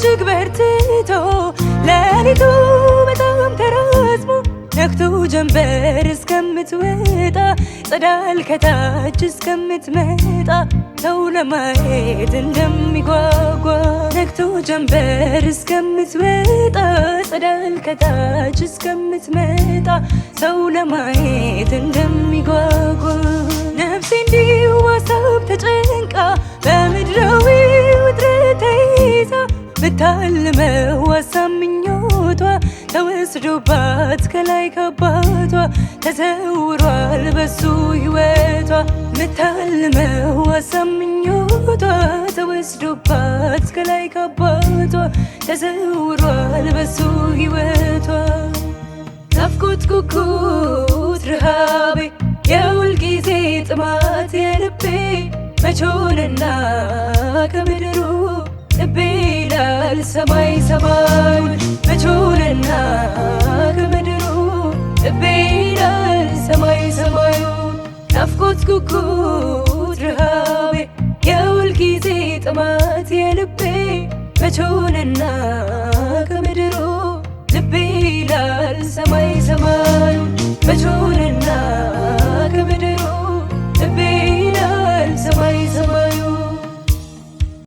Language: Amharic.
እጅግ በርትቶ ለሊቱ በጣም ተራዝሞ ነክቶ ጀንበር እስከምትወጣ ጸዳል ከታች እስከምትመጣ ሰው ለማየት እንደሚጓጓ ነክቶ ጀንበር እስከምትወጣ ጸዳል ከታች እስከምትመጣ ሰው ለማየት እንደሚጓጓ ታልመው ሀሳብ ምኞቷ ተወስዶባት ከላይ ከአባቷ ተዘውሯል በሱ ሕይወቷ ምታልመው ሀሳብ ምኞቷ ተወስዶባት ከላይ ከአባቷ ተዘውሯል በሱ ሕይወቷ ናፍቆት ጉጉት ረሃቤ ጊዜ ጥማት የልቤ መቾንና ይለያል ሰማይ ሰማዩን በቹልና ከምድሩ ልቤ ይላል ሰማይ ሰማዩን ናፍቆት ጉጉት ረሃቤ የውል ጊዜ ጥማት የልቤ በቹልና ከምድሩ ልቤ ይላል ሰማይ ሰማዩን